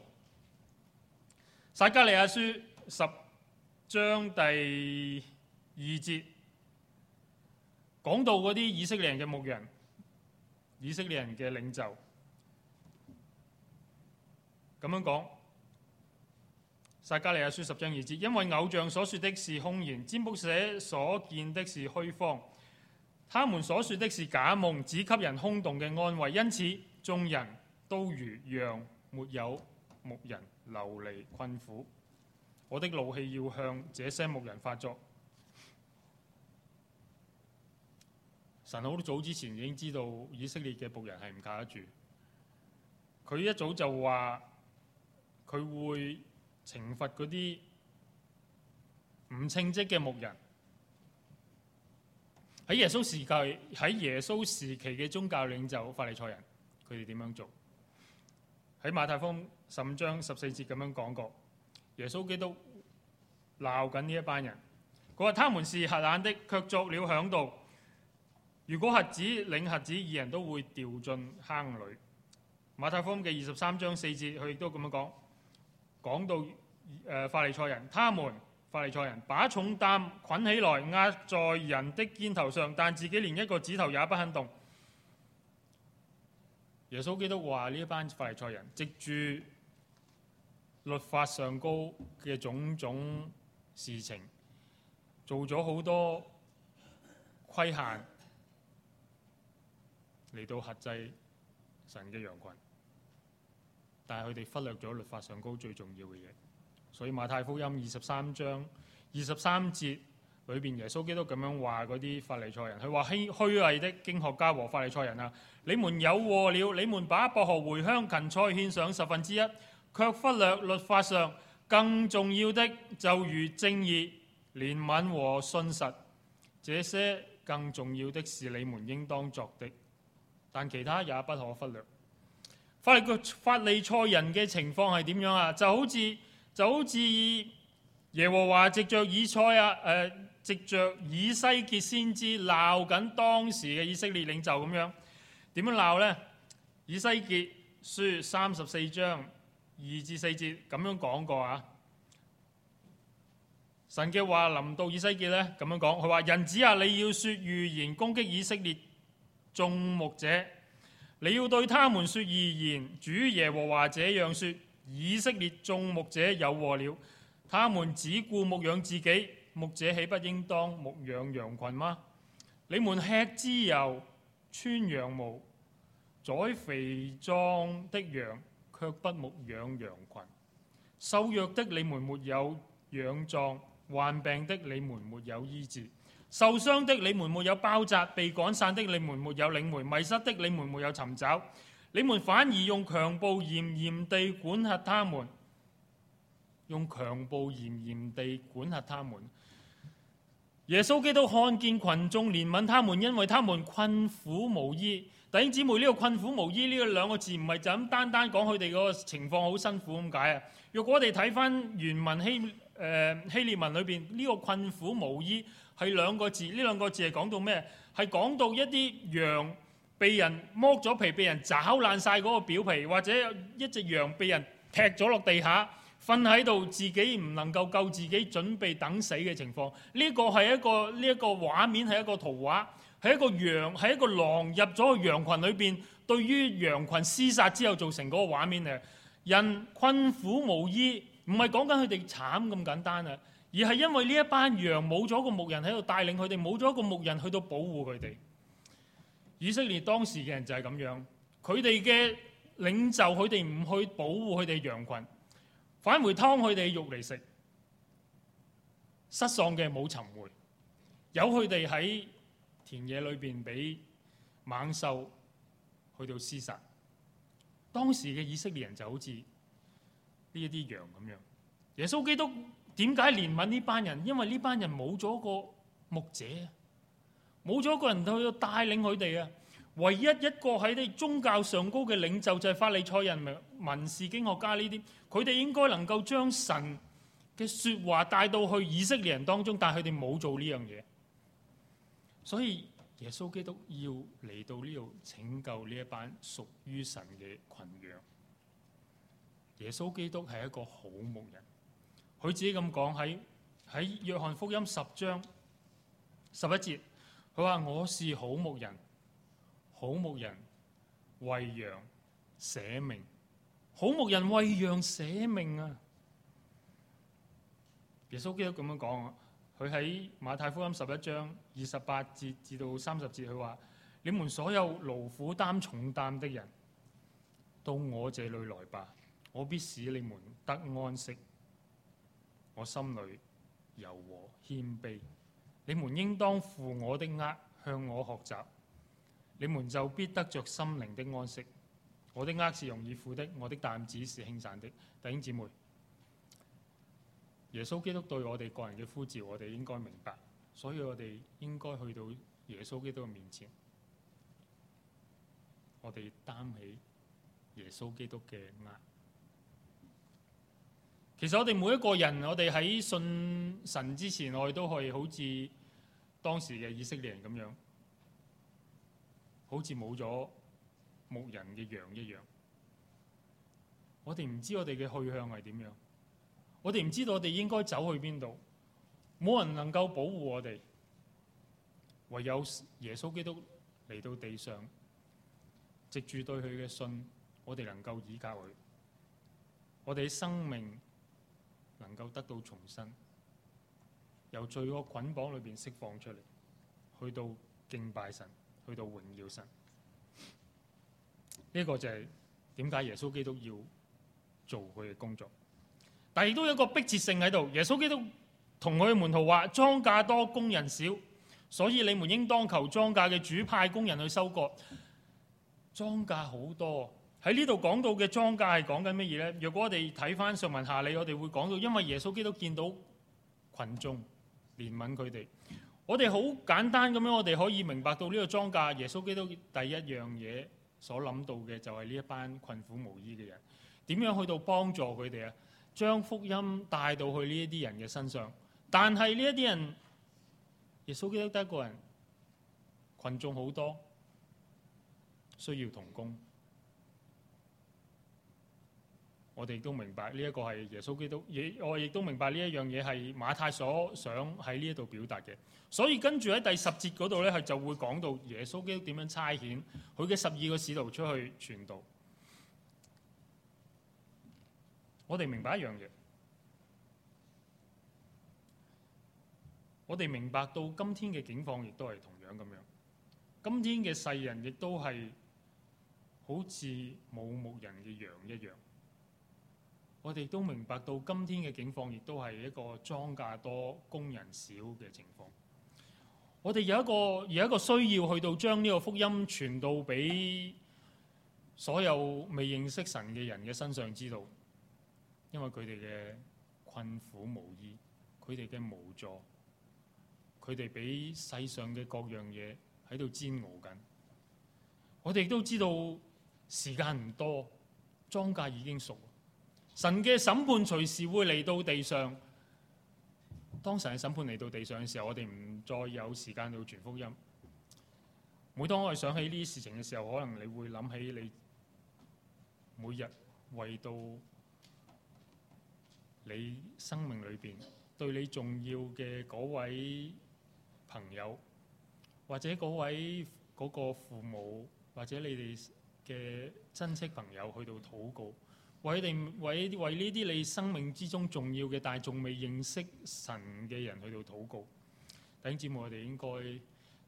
撒迦利亞書十章第二節講到嗰啲以色列人嘅牧人、以色列人嘅領袖咁樣講。撒迦利亞書十章二節，因為偶像所說的是空言，占卜者所見的是虛謊，他們所說的是假夢，只給人空洞嘅安慰。因此，眾人都如羊沒有牧人流離困苦。我的怒氣要向這些牧人發作。神好早之前已經知道以色列嘅僕人係唔靠得住，佢一早就話佢會。懲罰嗰啲唔稱職嘅牧人，喺耶穌時界，喺耶穌時期嘅宗教領袖法利賽人，佢哋點樣做？喺馬太福音十五章十四節咁樣講過，耶穌基督鬧緊呢一班人，佢話：他們是瞎眼的，卻作了嚮導。如果瞎子領瞎子，二人都會掉進坑裏。馬太福音嘅二十三章四節，佢亦都咁樣講，講到。誒、呃、法利賽人，他們法利賽人把重擔捆起來壓在人的肩頭上，但自己連一個指頭也不肯動。耶穌基督話：呢一班法利賽人藉住律法上高嘅種種事情，做咗好多規限嚟到核制神嘅羊羣，但係佢哋忽略咗律法上高最重要嘅嘢。所以馬太福音二十三章二十三節裏邊，耶穌基督咁樣話嗰啲法利賽人，佢話：虛虛偽的經學家和法利賽人啊，你們有禍了！你們把薄荷、茴香、芹菜獻上十分之一，卻忽略律法上更重要的，就如正義、憐憫和信實這些更重要的是你們應當作的，但其他也不可忽略。法利法利賽人嘅情況係點樣啊？就好似。就好似耶和華藉着以賽啊誒、呃，藉着以西結先知鬧緊當時嘅以色列領袖咁樣，點樣鬧呢？以西結書三十四章二至四節咁樣講過啊！神嘅話臨到以西結呢，咁樣講，佢話：人子啊，你要說預言攻擊以色列眾牧者，你要對他們說預言，主耶和華這樣說。以色列眾牧者有禍了！他們只顧牧養自己，牧者豈不應當牧養羊群嗎？你們吃脂油、穿羊毛、宰肥壯的羊，卻不牧養羊群。瘦弱的你們沒有養壯，患病的你們沒有醫治，受傷的你們沒有包紮，被趕散的你們沒有領回，迷失的你們沒有尋找。你們反而用強暴嚴嚴地管轄他們，用強暴嚴嚴地管轄他們。耶穌基督看見群眾，憐憫他們，因為他們困苦無依。弟兄姊妹，呢個困苦無依，呢個兩個字唔係就咁單單講佢哋嗰個情況好辛苦咁解啊。若果我哋睇翻原文希、呃、希利文裏面，呢個困苦無依係兩個字，呢兩個字係講到咩？係講到一啲羊。被人剝咗皮，被人抓爛晒嗰個表皮，或者一隻羊被人踢咗落地下，瞓喺度，自己唔能夠救自己，準備等死嘅情況，呢個係一個呢一個畫面，係一個圖畫，係一個羊，係一個狼入咗羊群裏邊對於羊群廝殺之後造成嗰個畫面嚟，人困苦無依，唔係講緊，佢哋慘咁簡單啊，而係因為呢一班羊冇咗個牧人喺度帶領佢哋，冇咗一個牧人去到保護佢哋。以色列當時嘅人就係咁樣，佢哋嘅領袖佢哋唔去保護佢哋羊群，返回劏佢哋肉嚟食。失喪嘅冇尋回，有佢哋喺田野裏面被猛獸去到獵殺。當時嘅以色列人就好似呢啲羊咁樣。耶穌基督點解憐憫呢班人？因為呢班人冇咗個牧者。冇咗一個人去到帶領佢哋啊。唯一一個喺啲宗教上高嘅領袖就係法利賽人、文士經學家呢啲，佢哋應該能夠將神嘅說話帶到去以色列人當中，但係佢哋冇做呢樣嘢。所以耶穌基督要嚟到呢度拯救呢一班屬於神嘅群羊。耶穌基督係一個好牧人，佢自己咁講喺喺約翰福音十章十一節。佢話我是好牧人，好牧人為羊捨命，好牧人為羊捨命啊！耶穌基督咁樣講啊，佢喺馬太福音十一章二十八節至到三十節，佢話：你們所有勞苦擔重擔的人，到我這裏來吧，我必使你們得安息。我心裏柔和謙卑。你們應當負我的軛，向我學習，你們就必得着心靈的安息。我的軛是容易負的，我的擔子是輕省的。弟兄姊妹，耶穌基督對我哋個人嘅呼召，我哋應該明白，所以我哋應該去到耶穌基督嘅面前，我哋擔起耶穌基督嘅軛。其實我哋每一個人，我哋喺信神之前，我哋都可以好似。當時嘅以色列人咁樣，好似冇咗牧人嘅羊一樣。我哋唔知我哋嘅去向係點樣，我哋唔知道我哋應該走去邊度，冇人能夠保護我哋。唯有耶穌基督嚟到地上，藉住對佢嘅信，我哋能夠倚靠佢，我哋嘅生命能夠得到重生。由罪惡捆綁裏面釋放出嚟，去到敬拜神，去到榮耀神。呢個就係點解耶穌基督要做佢嘅工作。但亦都有一個逼切性喺度。耶穌基督同佢嘅門徒話：莊稼多，工人少，所以你們應當求莊稼嘅主派工人去收割。莊稼好多，喺呢度講到嘅莊稼係講緊乜嘢呢？若果我哋睇翻上文下理，我哋會講到，因為耶穌基督見到群眾。憐憫佢哋，我哋好簡單咁樣，我哋可以明白到呢個莊稼，耶穌基督第一樣嘢所諗到嘅就係呢一班困苦無依嘅人，點樣去到幫助佢哋啊？將福音帶到去呢一啲人嘅身上，但係呢一啲人，耶穌基督得一個人，群眾好多，需要同工。我哋都明白呢一個係耶穌基督，亦我亦都明白呢一樣嘢係馬太所想喺呢一度表達嘅。所以跟住喺第十節嗰度呢，佢就會講到耶穌基督點樣差遣佢嘅十二個使徒出去傳道。我哋明白一樣嘢，我哋明白到今天嘅境況亦都係同樣咁樣，今天嘅世人亦都係好似冇牧人嘅羊一樣。我哋都明白到今天嘅境況，亦都係一個莊稼多、工人少嘅情況。我哋有一個有一個需要去到將呢個福音傳到俾所有未認識神嘅人嘅身上知道，因為佢哋嘅困苦無依，佢哋嘅無助，佢哋俾世上嘅各樣嘢喺度煎熬緊。我哋都知道時間唔多，莊稼已經熟。神嘅審判隨時會嚟到地上，當神嘅審判嚟到地上嘅時候，我哋唔再有時間去傳福音。每當我哋想起呢啲事情嘅時候，可能你會諗起你每日為到你生命裏面對你重要嘅嗰位朋友，或者嗰位嗰個父母，或者你哋嘅親戚朋友去到禱告。為啲、為啲、為呢啲你生命之中重要嘅，但係仲未認識神嘅人去到禱告。弟兄姊妹，我哋應該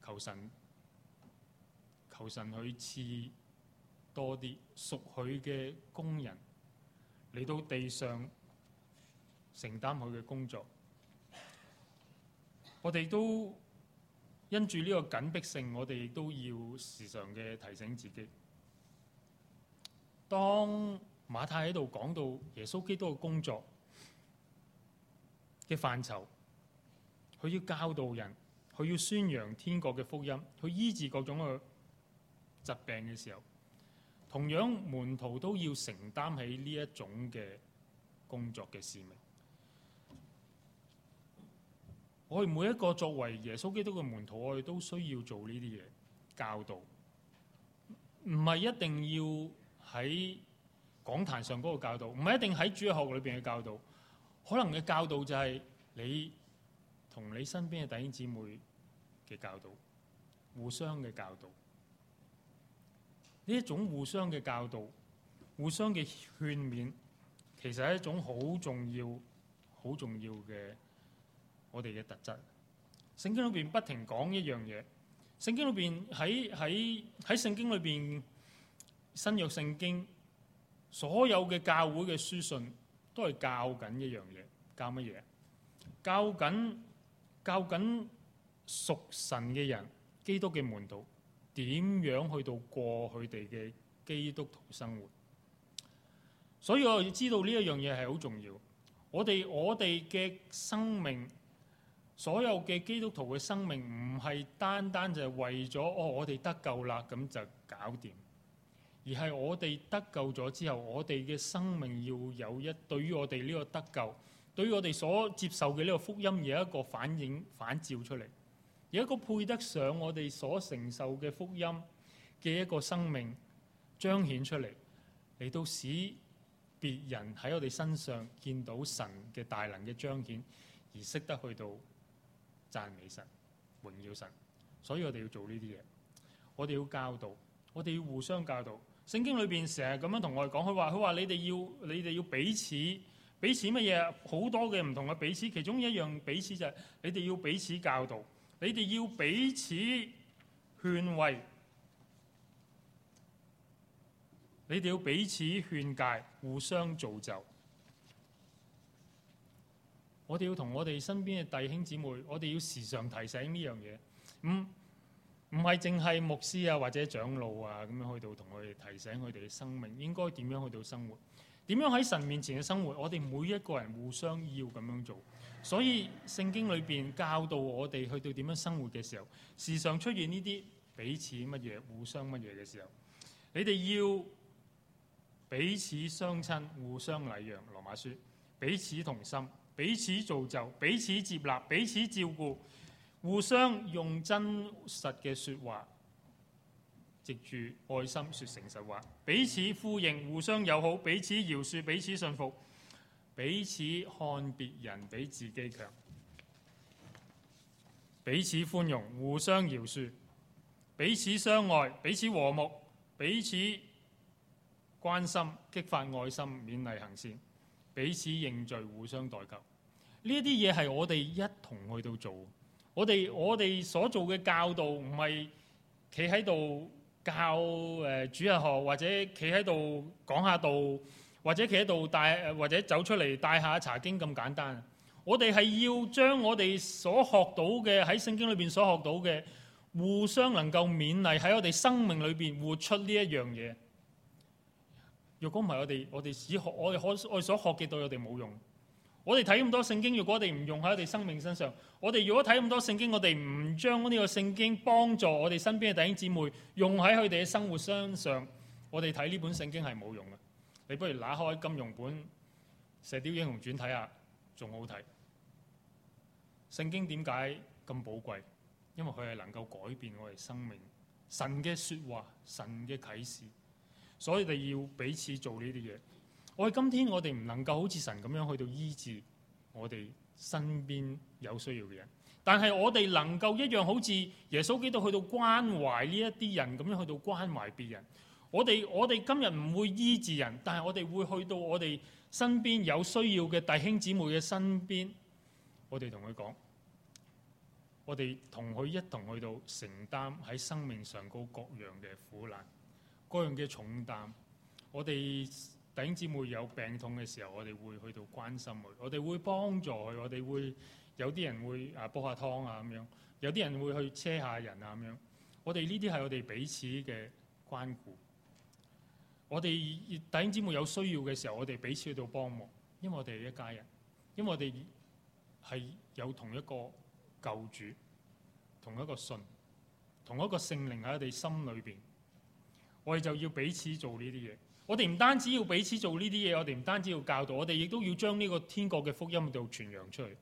求神、求神去賜多啲屬佢嘅工人嚟到地上承擔佢嘅工作。我哋都因住呢個緊迫性，我哋都要時常嘅提醒自己，當馬太喺度講到耶穌基督嘅工作嘅範疇，佢要教導人，佢要宣揚天國嘅福音，佢醫治各種嘅疾病嘅時候，同樣門徒都要承擔起呢一種嘅工作嘅使命。我哋每一個作為耶穌基督嘅門徒，我哋都需要做呢啲嘢，教導，唔係一定要喺。講壇上嗰個教導，唔係一定喺主學裏邊嘅教導，可能嘅教導就係你同你身邊嘅弟兄姊妹嘅教導，互相嘅教導，呢一種互相嘅教導，互相嘅勸勉，其實係一種好重要、好重要嘅我哋嘅特質。聖經裏邊不停講一樣嘢，聖經裏邊，喺喺喺聖經裏邊，新約聖經。所有嘅教會嘅書信都係教緊一樣嘢，教乜嘢？教緊教緊屬神嘅人，基督嘅門徒點樣去到過佢哋嘅基督徒生活？所以我要知道呢一樣嘢係好重要。我哋我哋嘅生命，所有嘅基督徒嘅生命唔係單單就係為咗哦，我哋得救啦，咁就搞掂。而係我哋得救咗之後，我哋嘅生命要有一對於我哋呢個得救，對於我哋所接受嘅呢個福音，有一個反映反照出嚟，有一個配得上我哋所承受嘅福音嘅一個生命彰顯出嚟，嚟到使別人喺我哋身上見到神嘅大能嘅彰顯，而識得去到讚美神、榮耀神，所以我哋要做呢啲嘢，我哋要教導，我哋要互相教導。聖經裏邊成日咁樣同我哋講，佢話佢話你哋要你哋要彼此彼此乜嘢好多嘅唔同嘅彼此，其中一樣彼此就係你哋要彼此教導，你哋要彼此勸慰，你哋要彼此勸戒，互相造就。我哋要同我哋身邊嘅弟兄姊妹，我哋要時常提醒呢樣嘢。咁。嗯。唔係淨係牧師啊，或者長老啊，咁樣去到同佢哋提醒佢哋嘅生命應該點樣去到生活，點樣喺神面前嘅生活，我哋每一個人互相要咁樣做，所以聖經裏邊教導我哋去到點樣生活嘅時候，時常出現呢啲彼此乜嘢、互相乜嘢嘅時候，你哋要彼此相親、互相禮讓，《羅馬書》彼此同心、彼此造就、彼此接納、彼此照顧。互相用真實嘅說話，藉住愛心説誠實話，彼此呼應，互相友好，彼此饒恕，彼此信服，彼此看別人比自己強，彼此寬容，互相饒恕，彼此相愛，彼此和睦，彼此關心，激發愛心，勉勵行善，彼此認罪，互相代求。呢一啲嘢係我哋一同去到做的。我哋我哋所做嘅教導唔係企喺度教，誒，主日學，或者企喺度講下道，或者企喺度帶或者走出嚟帶下查經咁簡單。我哋係要將我哋所學到嘅，喺聖經裏邊所學到嘅，互相能夠勉勵喺我哋生命裏邊活出呢一樣嘢。若果唔係，我哋我哋只學我哋可我哋所學嘅對我哋冇用。我哋睇咁多聖經，如果我哋唔用喺我哋生命身上，我哋如果睇咁多聖經，我哋唔將呢個聖經幫助我哋身邊嘅弟兄姊妹用喺佢哋嘅生活身上，我哋睇呢本聖經係冇用嘅。你不如打開金庸本《射雕英雄傳》睇下，仲好睇。聖經點解咁寶貴？因為佢係能夠改變我哋生命。神嘅說話，神嘅啟示，所以你哋要彼此做呢啲嘢。我哋今天我哋唔能夠好似神咁樣去到醫治我哋身邊有需要嘅人，但係我哋能夠一樣好似耶穌基督去到關懷呢一啲人，咁樣去到關懷別人。我哋我哋今日唔會醫治人，但係我哋會去到我哋身邊有需要嘅弟兄姊妹嘅身邊，我哋同佢講，我哋同佢一同去到承擔喺生命上高各樣嘅苦難，各樣嘅重擔，我哋。弟兄姊妹有病痛嘅時候，我哋會去到關心佢，我哋會幫助佢，我哋會有啲人會啊煲下湯啊咁樣，有啲人會去車下人啊咁樣。我哋呢啲係我哋彼此嘅關顧。我哋弟兄姊妹有需要嘅時候，我哋彼此去到幫忙，因為我哋係一家人，因為我哋係有同一個救主，同一個信，同一個聖靈喺我哋心裏邊，我哋就要彼此做呢啲嘢。我哋唔單止要彼此做呢啲嘢，我哋唔單止要教導，我哋亦都要將呢個天國嘅福音去到傳揚出去。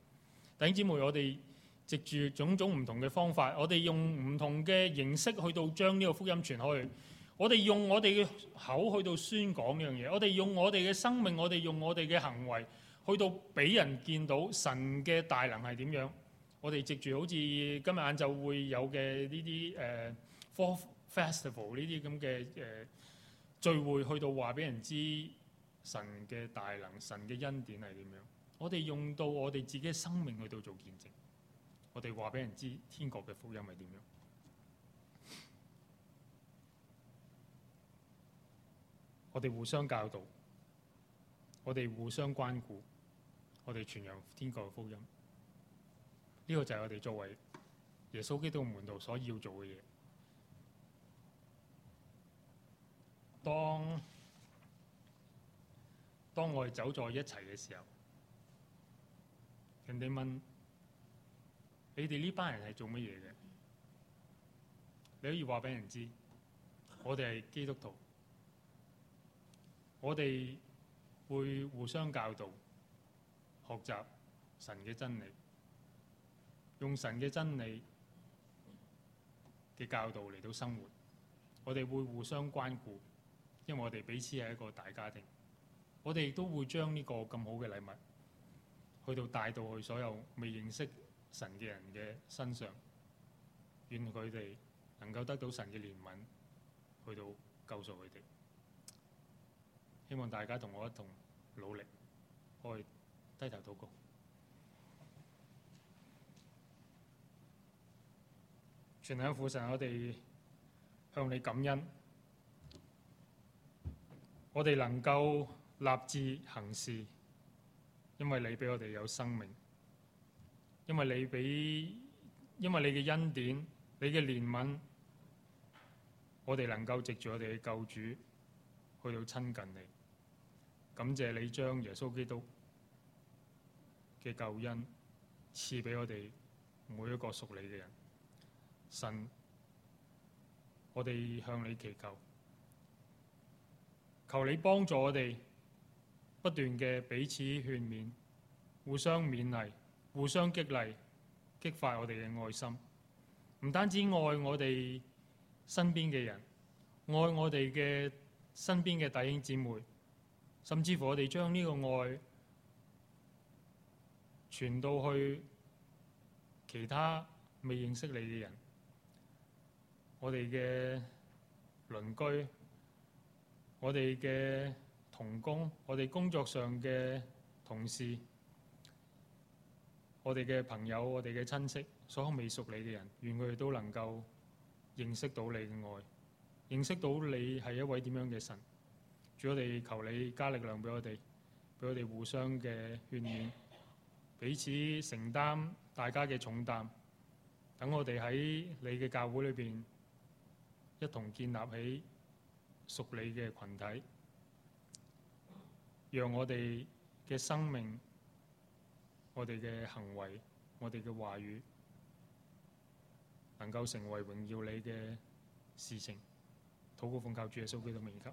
弟兄姊妹，我哋藉住種種唔同嘅方法，我哋用唔同嘅形式去到將呢個福音傳去。我哋用我哋嘅口去到宣講呢樣嘢，我哋用我哋嘅生命，我哋用我哋嘅行為，去到俾人見到神嘅大能係點樣。我哋藉住好似今日晏晝會有嘅呢啲誒、呃、Four Festival 呢啲咁嘅誒。呃聚會去到話俾人知神嘅大能、神嘅恩典係點樣，我哋用到我哋自己嘅生命去到做見證，我哋話俾人知天國嘅福音係點樣，我哋互相教導，我哋互相關顧，我哋傳揚天國嘅福音，呢個就係我哋作為耶穌基督門徒所要做嘅嘢。當當我哋走在一起嘅時候，人哋問你哋呢班人係做乜嘢嘅？你可以話俾人知，我哋係基督徒，我哋會互相教導、學習神嘅真理，用神嘅真理嘅教導嚟到生活，我哋會互相關顧。因為我哋彼此係一個大家庭，我哋都會將呢個咁好嘅禮物，去到帶到去所有未認識神嘅人嘅身上，願佢哋能夠得到神嘅憐憫，去到救贖佢哋。希望大家同我一同努力，我哋低頭禱告，全響父神，我哋向你感恩。我哋能夠立志行事，因為你俾我哋有生命，因為你俾，因為你嘅恩典、你嘅憐憫，我哋能夠藉住我哋嘅救主去到親近你，感謝你將耶穌基督嘅救恩賜俾我哋每一個屬你嘅人。神，我哋向你祈求。求你幫助我哋不斷嘅彼此勸勉、互相勉勵、互相激勵、激發我哋嘅愛心。唔單止愛我哋身邊嘅人，愛我哋嘅身邊嘅弟兄姊妹，甚至乎我哋將呢個愛傳到去其他未認識你嘅人，我哋嘅鄰居。我哋嘅同工，我哋工作上嘅同事，我哋嘅朋友，我哋嘅親戚，所有未熟你嘅人，願佢哋都能夠認識到你嘅愛，認識到你係一位點樣嘅神。主，我哋求你加力量俾我哋，俾我哋互相嘅勸勉，彼此承擔大家嘅重擔，等我哋喺你嘅教會裏邊一同建立起。屬你嘅群體，讓我哋嘅生命、我哋嘅行為、我哋嘅話語，能夠成為榮耀你嘅事情。禱告奉靠主耶穌基督的名求，